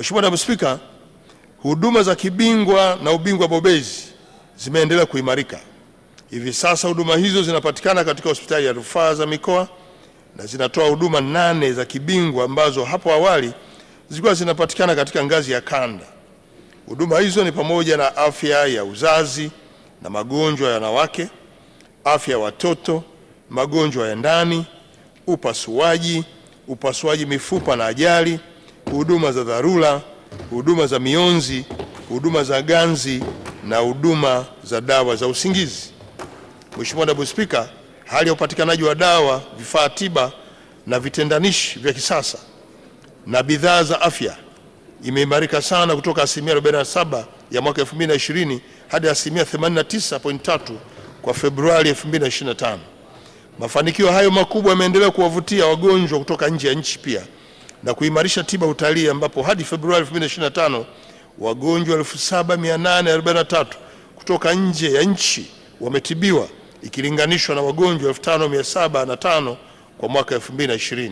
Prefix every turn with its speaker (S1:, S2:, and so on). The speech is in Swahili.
S1: Mheshimiwa Naibu Spika, huduma za kibingwa na ubingwa bobezi zimeendelea kuimarika. Hivi sasa huduma hizo zinapatikana katika hospitali ya rufaa za mikoa na zinatoa huduma nane za kibingwa ambazo hapo awali zilikuwa zinapatikana katika ngazi ya kanda. Huduma hizo ni pamoja na afya ya uzazi na magonjwa ya wanawake, afya ya watoto, magonjwa ya ndani, upasuaji, upasuaji mifupa na ajali huduma za dharura, huduma za mionzi, huduma za ganzi na huduma za dawa za usingizi. Mheshimiwa Naibu Spika, hali ya upatikanaji wa dawa, vifaa tiba na vitendanishi vya kisasa na bidhaa za afya imeimarika sana kutoka asilimia 47 ya mwaka 2020 hadi asilimia 89.3 kwa Februari 2025. Mafanikio hayo makubwa yameendelea kuwavutia wagonjwa kutoka nje ya nchi pia na kuimarisha tiba utalii ambapo hadi Februari 2025 wagonjwa 7843 kutoka nje ya nchi wametibiwa ikilinganishwa na wagonjwa 5705 kwa mwaka 2020.